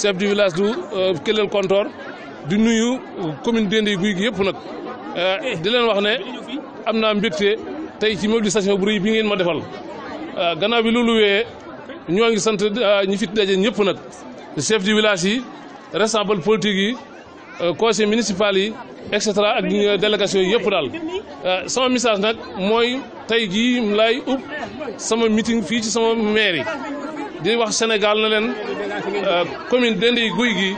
chef du village du euh, Kelel Kontor di nuyu euh, commune Dendey guy gi yëpp nag euh, di leen wax ne am na mbégte tey ci mobilisation bu bi ngeen ma defal gannaaw bi loolu wee ñoo ngi sant ñi fi daje ñëpp nag chef du village yi responsable politique yi conseil municipal yi et cetera ak délégation yëpp daal sama message nag mooy tey jii laay ub sama meeting fii ci sama mairie di wax Sénégal na leen euh, commune Dendeye Guy gi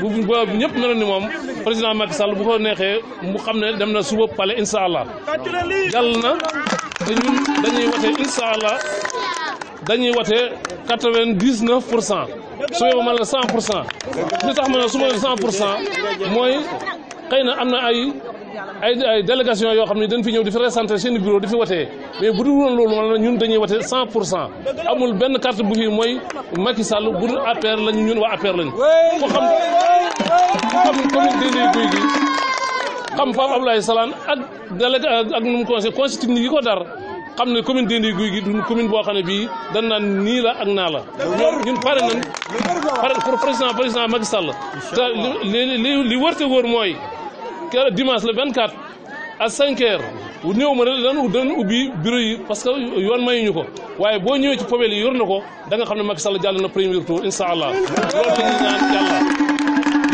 bu bu ñëpp meloon moom président Macky Sall bu ko neexee mu xam ne dem na suba palais incha allah jàll na te dañuy wote incha allah dañuy wote quatre-vingt-dix-neuf pour cent su ma la cent tax ma ne cent pour cent mooy xëy na am na ay. ay ay délégation yoo xam ne dañ fi ñëw di fi recentré seen bureau di fi watee mais bu dul woon dañuy watee pour cent amul benn carte bu fi mooy Macky Sall bu dul APR lañu ñun waa APR lañu ku xam ku xam commune ak délégué ak nu mu conseil conseil ko dar xam ne commune Dendeye guy gi duñ commune boo xam ne bii dañ naan nii la ak naa la ñoom ñun pare nañ pare pour li li wërte wóor mooy que dimanche le 24 à 5 heures néew ma ne dañu ubbi bureau yi parce que yoon mayuñu ko waaye boo ñëwee ci pobel yi yor na ko danga xam ne Macky Sall jàll na premier tour incha allah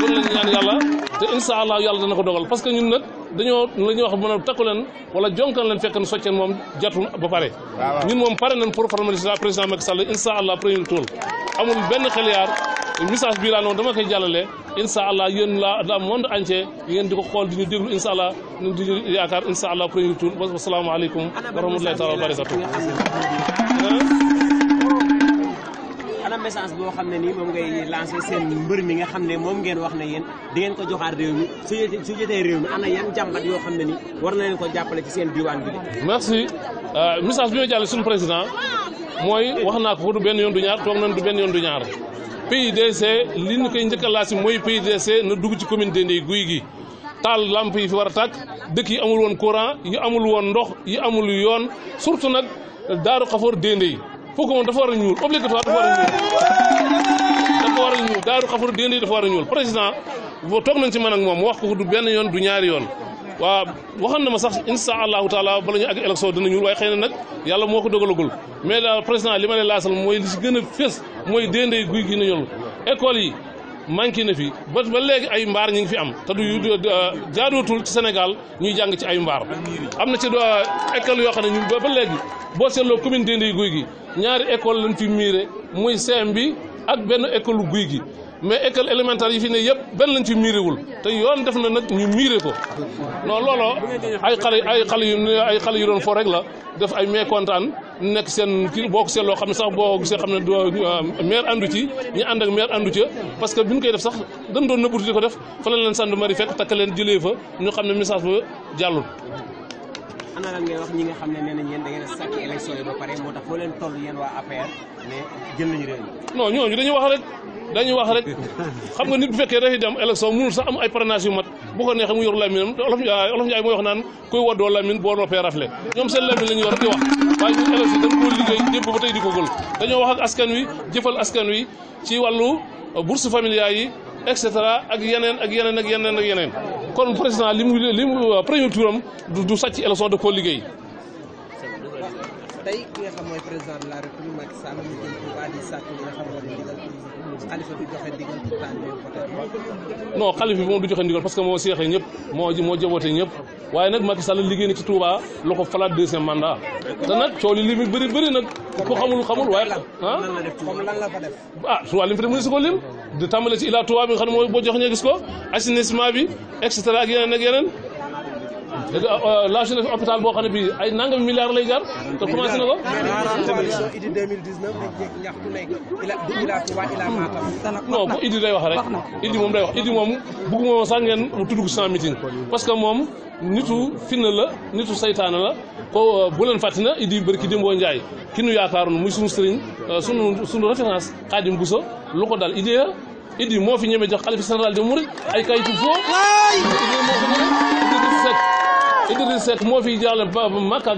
loolu la ñu ñaan yàlla la ñu ñaan te incha yàlla dana ko dogal parce que ñun nag dañoo la ñuy wax mën a takku leen wala jonkan leen fekk na socceen moom jatul ba pare. ñun moom pare nañ pour formaliser président Macky Sall incha allah premier tour amul benn xel message bii laa noonu dama koy jàllale incha allah yéen la la monde entier ngeen di ko xool di ñu déglu incha allah ñu di ñu yaakaar incha allah premier tour wa salaamualeykum wa rahmatulahi taala wa barakatu ana message boo xam ne nii moom ngay lancé seen mbër mi nga xam ne moom ngeen wax ne yéen di ngeen ko joxaat réew mi su su réew mi ana yan jàmbat yoo xam ne nii war na leen ko jàppale ci seen diwaan bi de. merci euh, message bi ma jàll suñu président mooy wax naa ko du benn yoon du ñaar toog nañ du benn yoon du ñaar. PUDC li ñu koy njëkk a laaj mooy PUDC na dugg ci commune Dendeye guy gi taal lamp yi fi war a tàkk dëkk yi amul woon courant yi amul woon ndox yi amul yoon surtout nag Daaru Xafoor Dendeye foofu moom dafa war a ñuul obligatoire dafa war a ñuul dafa war a ñuul Daaru Xafoor Dendeye dafa war a ñuul nañ ci man ak moom wax ko du benn yoon du ñaari yoon waa waxoon na ma sax insha allahu taala bala ñu ak élection na ñuul waaye xëy na nag yàlla moo ko dogalagul mais daal président li ma ne laasal mooy li si gën a fés mooy déndey guy gi na ñol école yi manqué na fi ba ba léegi ay mbaar ñi ngi fi am te du jaadootul ci Sénégal ñuy jàng ci ay mbaar am na ci euh, école yoo xam ne ñu ba léegi boo seetloo commune déndey guy gi ñaari école lañ fi miire mooy CM bi ak benn école guy gi mais école élémentaire yi fi ne yëpp benn lañ ci miirewul te yoon def na nag ñu miire ko non looloo ay xale ay xale yu ay xale yu doon fo rek la def ay mékontaan nekk seen kii boo ko seetloo xam ne sax boo gisee xam ne euh, maire àndu ci ñi ànd ak maire àndu ca parce que bi koy def sax dañ doon nëbbutu di ko def fa lañ leen sànd mari fekk takk leen jëlee fa ñu xam ne message ba jàllul ana lan xam ne nee nañ yéen da ngeen a sàcc élection yi ñooñu dañuy wax rek dañuy wax rek xam nga nit bu fekkee dafay dem élection mënul sax am ay parrainage yu mat bu ko neexee mu yor laminam te olof olof Ndiaye mooy wax naan kuy waddoo lamin boo noppee rafle ñoom seen lamin la ñu di wax waaye ñun élection dañ koo liggéey ak askan wi jëfal askan wi ci wàllu bourse familiale yi et cetera ak yeneen ak yeneen ak yeneen ak yeneen kon président li mu li mu euh, premier touram du sàcc élection da koo liggéey. nga xam mooy président de la république Macky Sall mu jëm Touba di moo di digal xalifa bi joxe digal pour taalibe voté non du joxe ndigal parce que moo seexee ñëpp moo moo jaboote waaye nag Macky Sall liggéey na ci Touba loo ko falaat deuxième mandat te nag coow li mu nag ku xamul xamul waaye ah comme lan fi ah, def mu si ko lim de tàmbale ci Ila Touba bi mooy boo jox ñee gis ko assainissement bi et cetera yeneen ak yeneen lancé na fi hôpital boo xam ne bii ay nangam milliards lay jar te commencé na ko. coalition Idy 2019 non bu Idy day wax rek Idy moom day wax Idy moom bugguma woon sax ngeen mu tudd ko sans parce que moom nitu finna la nitu saytaane la ko euh, bu leen fàtti na Idy bërki démboo Njaay ki nu yaakaaroon muy sunu sëriñ euh, sunu sunu référence Xaadim Bousso lu ko dal Idy moo fi ñeme jox xalifa général de Mouride ay kayitu foo Idriss moo fi jàll ba màkk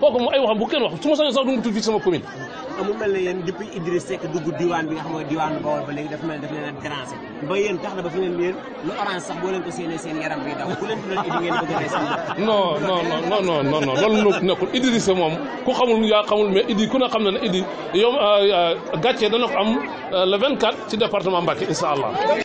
kooku moom ay waxam bu wax su ma sañoon sax du ma tudd fii sama commune. Ah, mu mel ne yéen depuis Idriss Seck dugg diwaan bi nga xam mooy diwaanu ba léegi dafa mel ne daf leen a déranger ba yéen na ba fi ngeen yéen lu ko séenee ku leen tuddal a rey seen non non ku xamul yaa Idi ku ne xam na ne Idi yow euh, euh, gàccee dana ko am euh, vint 24 ci département Mbacké incha allah.